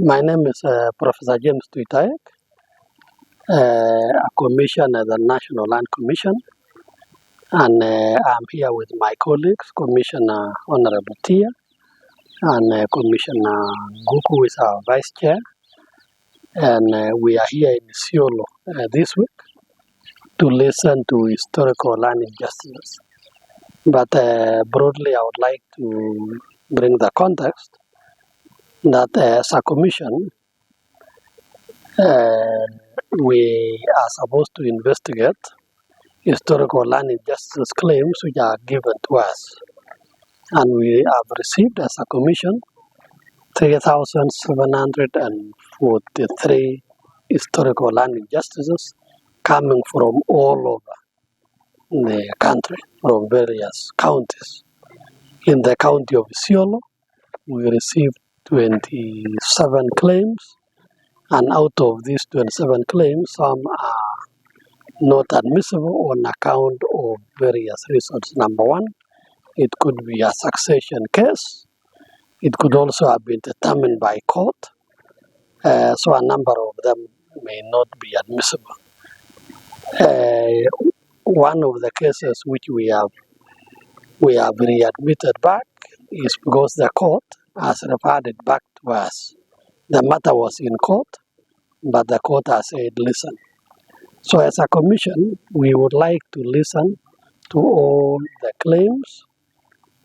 My name is uh, Professor James Tuitaek, uh, a commissioner at the National Land Commission, and uh, I'm here with my colleagues, Commissioner Honorable Tia, and uh, Commissioner Guku is our vice chair, and uh, we are here in Siolo uh, this week to listen to historical land injustices. But uh, broadly, I would like to bring the context that as uh, a commission, uh, we are supposed to investigate historical land injustice claims which are given to us. And we have received as a commission 3,743 historical land injustices coming from all over the country, from various counties. In the county of Isiolo, we received 27 claims, and out of these 27 claims, some are not admissible on account of various reasons. Number one, it could be a succession case. It could also have been determined by court. Uh, so a number of them may not be admissible. Uh, one of the cases which we have we have readmitted back is because the court as referred back to us. The matter was in court, but the court has said, listen. So, as a commission, we would like to listen to all the claims,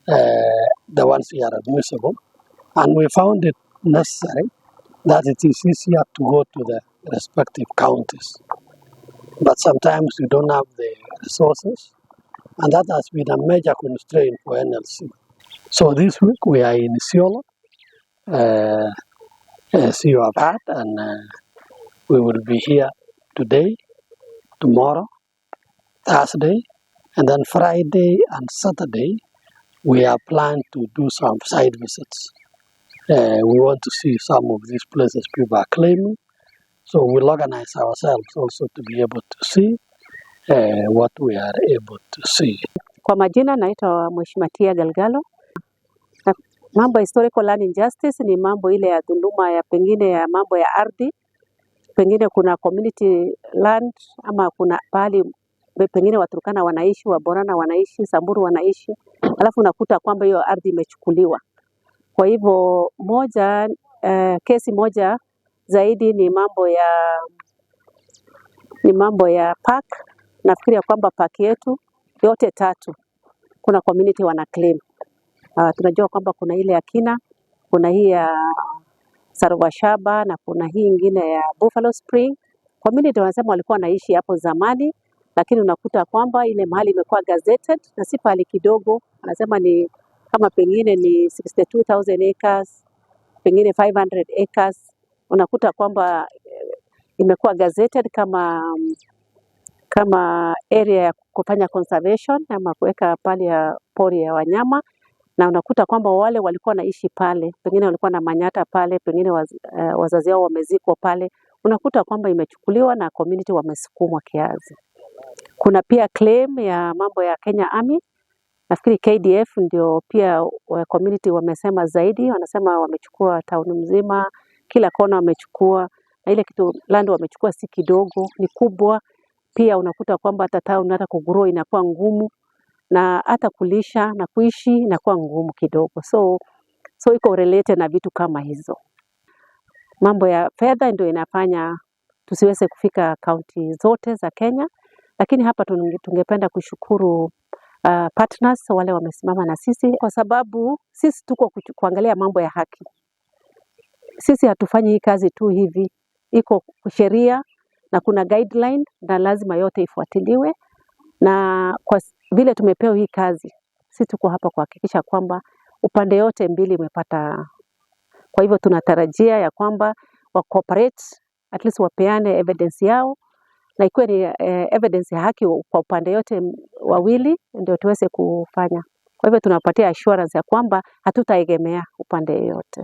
uh, the ones that are admissible, and we found it necessary that it is easier to go to the respective counties. But sometimes you don't have the resources, and that has been a major constraint for NLC. So this week we are in Seoul. Uh, uh, see and uh, we will be here today, tomorrow, Thursday, and then Friday and Saturday. We are planned to do some side visits. Uh, we want to see some of these places people are claiming, so we'll organize ourselves also to be able to see uh, what we are able to see. Kwa majina naitwa Mheshimiwa Tia Galgalo Mambo ya historical land injustice ni mambo ile ya dhuluma ya pengine ya mambo ya ardhi, pengine kuna community land ama kuna pahali pengine Waturkana wanaishi, Waborana wanaishi, Samburu wanaishi, alafu unakuta kwamba hiyo ardhi imechukuliwa. Kwa hivyo moja, uh, kesi moja zaidi ni mambo ya ni mambo ya park. Nafikiria kwamba park yetu yote tatu kuna community wana claim Uh, tunajua kwamba kuna ile ya kina, kuna hii ya saruwa shaba na kuna hii ingine ya Buffalo Spring. Community wanasema walikuwa wanaishi hapo zamani, lakini unakuta kwamba ile mahali imekuwa gazetted na si pahali kidogo, anasema ni kama pengine ni 62000 acres, pengine 500 acres. Unakuta kwamba eh, imekuwa gazetted kama mm, kama area ya kufanya conservation ama kuweka pale ya pori ya wanyama na unakuta kwamba wale walikuwa naishi pale, pengine walikuwa na manyata pale, pengine waz, uh, wazazi wao wamezikwa pale, unakuta kwamba imechukuliwa na community wamesukumwa kiasi. Kuna pia claim ya mambo ya Kenya Army, nafikiri KDF ndio pia community wamesema zaidi, wanasema wamechukua tauni mzima, kila kona wamechukua, na ile kitu land wamechukua si kidogo, ni kubwa. Pia unakuta kwamba hata town hata kugrow inakuwa ngumu na hata kulisha na kuishi inakuwa ngumu kidogo, so so iko related na vitu kama hizo. Mambo ya fedha ndio inafanya tusiweze kufika kaunti zote za Kenya, lakini hapa tungependa kushukuru uh, partners wale wamesimama na sisi, kwa sababu sisi tuko kuangalia mambo ya haki. Sisi hatufanyi hii kazi tu hivi, iko sheria na kuna guideline na lazima yote ifuatiliwe na kwa vile tumepewa hii kazi, si tuko hapa kuhakikisha kwamba upande yote mbili imepata. Kwa hivyo tunatarajia ya kwamba wa cooperate at least wapeane evidence yao na ikiwa ni eh, evidence ya haki kwa upande yote wawili, ndio tuweze kufanya. Kwa hivyo tunapatia assurance ya kwamba hatutaegemea upande yote